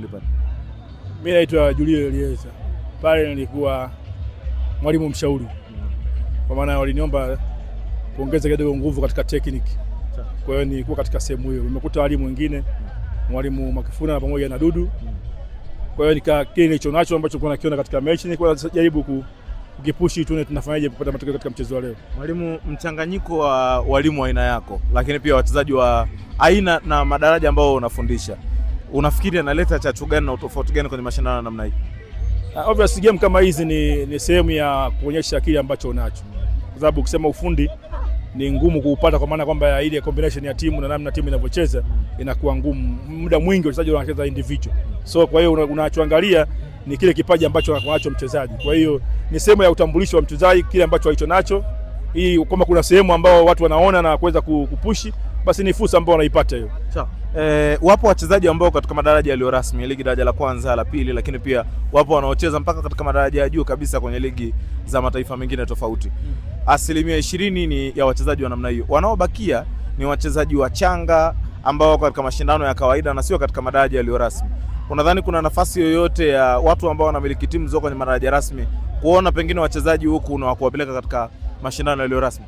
Mimi naitwa Julio Elieza. Pale nilikuwa mwalimu mshauri, kwa maana waliniomba kuongeza kidogo nguvu katika tekniki, kwa hiyo nilikuwa katika sehemu hiyo. Nimekuta walimu wengine, mwalimu Makifuna pamoja na Dudu, kwa hiyo nika kile nilicho nacho ambacho kuna nakiona katika mechi, nilikuwa najaribu ku ukipushi tu tunafanyaje kupata matokeo katika mchezo wa leo. Mwalimu, mchanganyiko wa walimu aina yako, lakini pia wachezaji wa aina na madaraja ambao unafundisha unafikiri analeta chachu gani na utofauti gani kwenye mashindano namna hii? Uh, obviously game kama hizi ni, ni sehemu ya kuonyesha kile ambacho unacho, kwa sababu ukisema ufundi ni ngumu kuupata, kwa maana kwamba ile combination ya timu na namna timu inavyocheza inakuwa ngumu. Muda mwingi wachezaji wanacheza individual, so kwa hiyo unachoangalia ni kile kipaji ambacho anacho mchezaji. Kwa hiyo ni sehemu ya utambulisho wa mchezaji, kile ambacho alicho nacho. Hii kama kuna sehemu ambao watu wanaona na kuweza kupushi, basi ni fursa ambayo wanaipata hiyo. Eh, wapo wachezaji ambao katika madaraja yaliyo rasmi ya ligi daraja la kwanza la pili, lakini pia wapo wanaocheza mpaka katika madaraja ya juu kabisa kwenye ligi za mataifa mengine tofauti. Mm. Asilimia ishirini ni ya wachezaji wa namna hiyo. Wanaobakia ni wachezaji wachanga ambao wako katika mashindano ya kawaida na sio katika madaraja yaliyo rasmi. Unadhani kuna nafasi yoyote ya watu ambao wanamiliki timu zao kwenye madaraja rasmi kuona pengine wachezaji huku na kuwapeleka katika mashindano yaliyo rasmi?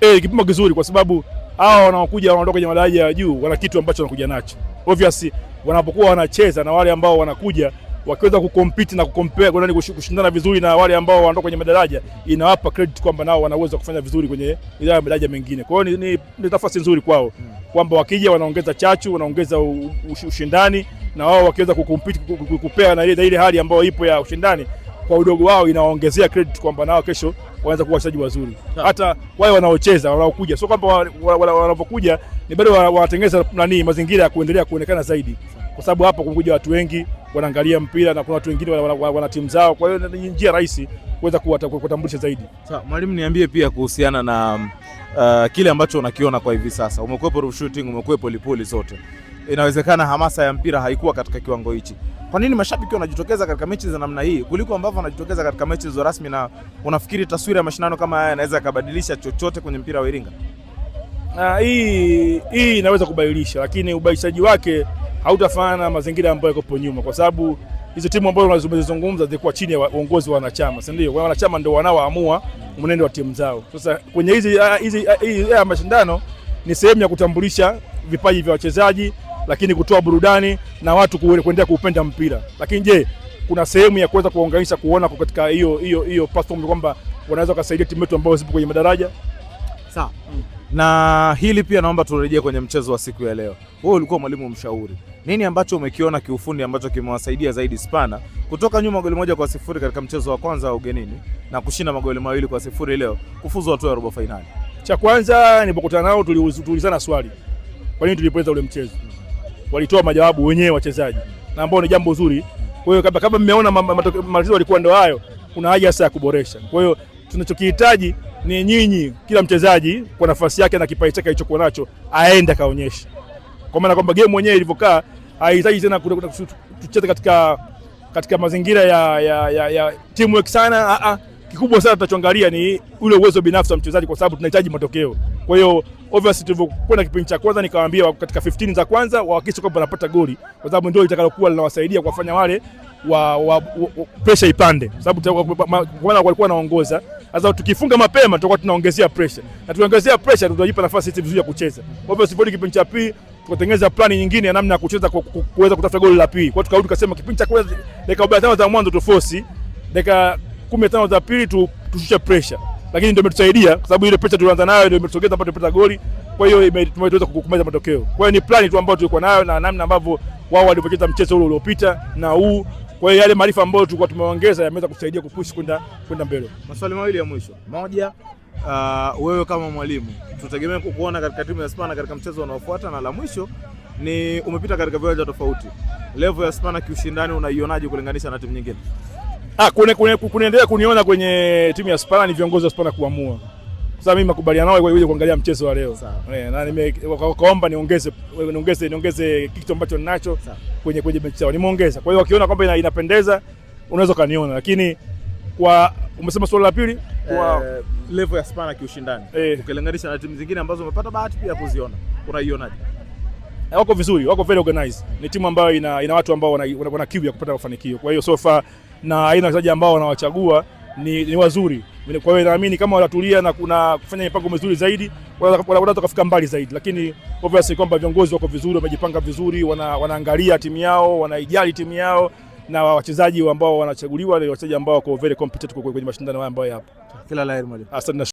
Eh, hey, kipimo kizuri kwa sababu hao wanaokuja wanaondoka kwenye madaraja ya juu wana kitu ambacho wanakuja nacho. Obviously wanapokuwa wanacheza na wale ambao wanakuja wakiweza kucompete na kucompare kwa nani kushindana vizuri na wale ambao wanaondoka kwenye madaraja, inawapa credit kwamba nao wanaweza kufanya vizuri kwenye ile madaraja mengine. Kwa hiyo ni, ni, ni nafasi nzuri kwao kwamba wakija wanaongeza chachu, wanaongeza ushindani na wao wakiweza kucompete kupea na ile hali ambayo ipo ya ushindani kwa udogo wao inawaongezea credit kwamba nao kesho wanaweza kuwa wachezaji wazuri, hata wale wanaocheza wanaokuja, sio kwamba wanavyokuja ni bado wanatengeneza nani mazingira ya kuendelea kuonekana zaidi, kwa sababu hapa kumekuja watu wengi wanaangalia mpira na kuna watu wengine wana timu zao, kwa hiyo ni njia rahisi kuweza kuwatambulisha zaidi. Sawa, mwalimu, niambie pia kuhusiana na uh, kile ambacho unakiona kwa hivi sasa. Umekuwepo roof shooting, umekuwepo Lipuli zote inawezekana hamasa ya mpira haikuwa katika kiwango hichi. Kwa nini mashabiki wanajitokeza katika mechi za namna hii kuliko ambavyo wanajitokeza katika mechi hizo rasmi? Na unafikiri taswira ya mashindano kama haya inaweza kabadilisha chochote kwenye mpira wa Iringa? hii hii inaweza kubadilisha, lakini ubadilishaji wake hautafanana na mazingira ambayo yako nyuma, kwa sababu hizo timu ambazo unazozungumza zilikuwa chini ya uongozi wa wanachama, si ndio? Wanachama ndio wanaoamua mwenendo wa timu zao. Sasa kwenye hizi hizi mashindano ni sehemu ya kutambulisha vipaji vya wachezaji lakini kutoa burudani na watu kuendelea kuupenda mpira. Lakini je, kuna sehemu ya kuweza kuwaunganisha kuona kwa katika hiyo hiyo hiyo platform kwamba wanaweza kusaidia timu yetu ambayo zipo kwenye madaraja sawa? mm. Na hili pia naomba turejee kwenye mchezo wa siku ya leo. Wewe ulikuwa mwalimu mshauri, nini ambacho umekiona kiufundi ambacho kimewasaidia zaidi Spana kutoka nyuma goli moja kwa sifuri katika mchezo wa kwanza wa ugenini na kushinda magoli mawili kwa sifuri leo kufuzu hatua ya robo fainali? Cha kwanza nilipokutana nao tuliulizana swali, kwa nini tulipoteza ule mchezo? walitoa majawabu wenyewe wachezaji, na ambao ni jambo zuri. Kwa hiyo kama mmeona matatizo walikuwa ndio hayo, kuna haja sasa ya kuboresha. Kwa hiyo tunachokihitaji ni nyinyi, kila mchezaji kwa nafasi yake na kipaji chake alichokuwa nacho aende akaonyeshe, kwa maana kwamba game mwenyewe ilivyokaa haihitaji tena tucheze katika katika mazingira ya, ya, ya, ya teamwork sana. Ah, ah, kikubwa sana tunachoangalia ni ule uwezo binafsi wa mchezaji, kwa sababu tunahitaji matokeo. Kwa hiyo obviously tulivyokwenda kipindi cha kwanza, nikawaambia katika 15 za kwanza wahakikishe kwamba wanapata goli, kwa sababu ndio itakalokuwa linawasaidia kuwafanya wale wa, wa, wa, wa pressure ipande, kwa sababu kwanza walikuwa wanaongoza. Sasa tukifunga mapema tutakuwa tunaongezea pressure, na tukiongezea pressure tutajipa nafasi sisi vizuri ya kucheza. Obviously kipindi cha pili tukatengeneza plani nyingine ya namna ya kucheza kuweza kutafuta goli la pili. Kwa hiyo tukarudi tukasema kipindi cha kwanza dakika 45 za mwanzo tuforce, dakika 15 za pili tushushe pressure lakini ndio imetusaidia kwa sababu ile pressure tulianza nayo ndio imetusogeza mpaka tupata goli. Kwa hiyo tumeweza kukumaliza matokeo. Kwa hiyo ni plani tu ambayo tulikuwa nayo na namna ambavyo wao walivyocheza mchezo ule uliopita na huu. Kwa hiyo yale maarifa ambayo tulikuwa tumeongeza yameweza kusaidia kupush kwenda kwenda mbele. Maswali mawili ya mwisho. Moja, uh, wewe kama mwalimu tutegemea kukuona katika timu ya Spana katika mchezo unaofuata, na la mwisho ni umepita katika viwanja tofauti, level ya Spana kiushindani unaionaje kulinganisha na timu nyingine? Ah, kune, kune, kunaendelea kuniona kwenye timu ya Spana ni viongozi wa Spana kuamua. Sasa mimi makubaliana nao kwa kuangalia mchezo wa leo. Eh, na nimekaomba niongeze niongeze niongeze kitu ambacho ninacho kwenye kwenye mechi yao. Nimeongeza. Kwa hiyo wakiona kwamba inapendeza unaweza kaniona lakini kwa umesema swali la pili kwa eh, level ya Spana kiushindani. Eh, ukilinganisha na timu zingine ambazo umepata bahati pia kuziona. Unaionaje? Eh, wako vizuri, wako very organized. Ni timu ambayo ina, ina watu ambao wana, wana, wana kiu ya kupata mafanikio. Kwa hiyo so far na aina wachezaji ambao wanawachagua ni, ni wazuri. Kwa hiyo naamini kama watatulia na kuna kufanya mipango mizuri zaidi wanaweza kufika mbali zaidi, lakini obviously kwamba viongozi wako vizuri, wamejipanga vizuri, wana, wanaangalia timu yao, wanaijali timu yao na wachezaji ambao wanachaguliwa ni wachezaji ambao wako very competitive kwenye mashindano haya ambayo yapo. Kila la heri mwalimu. Asante.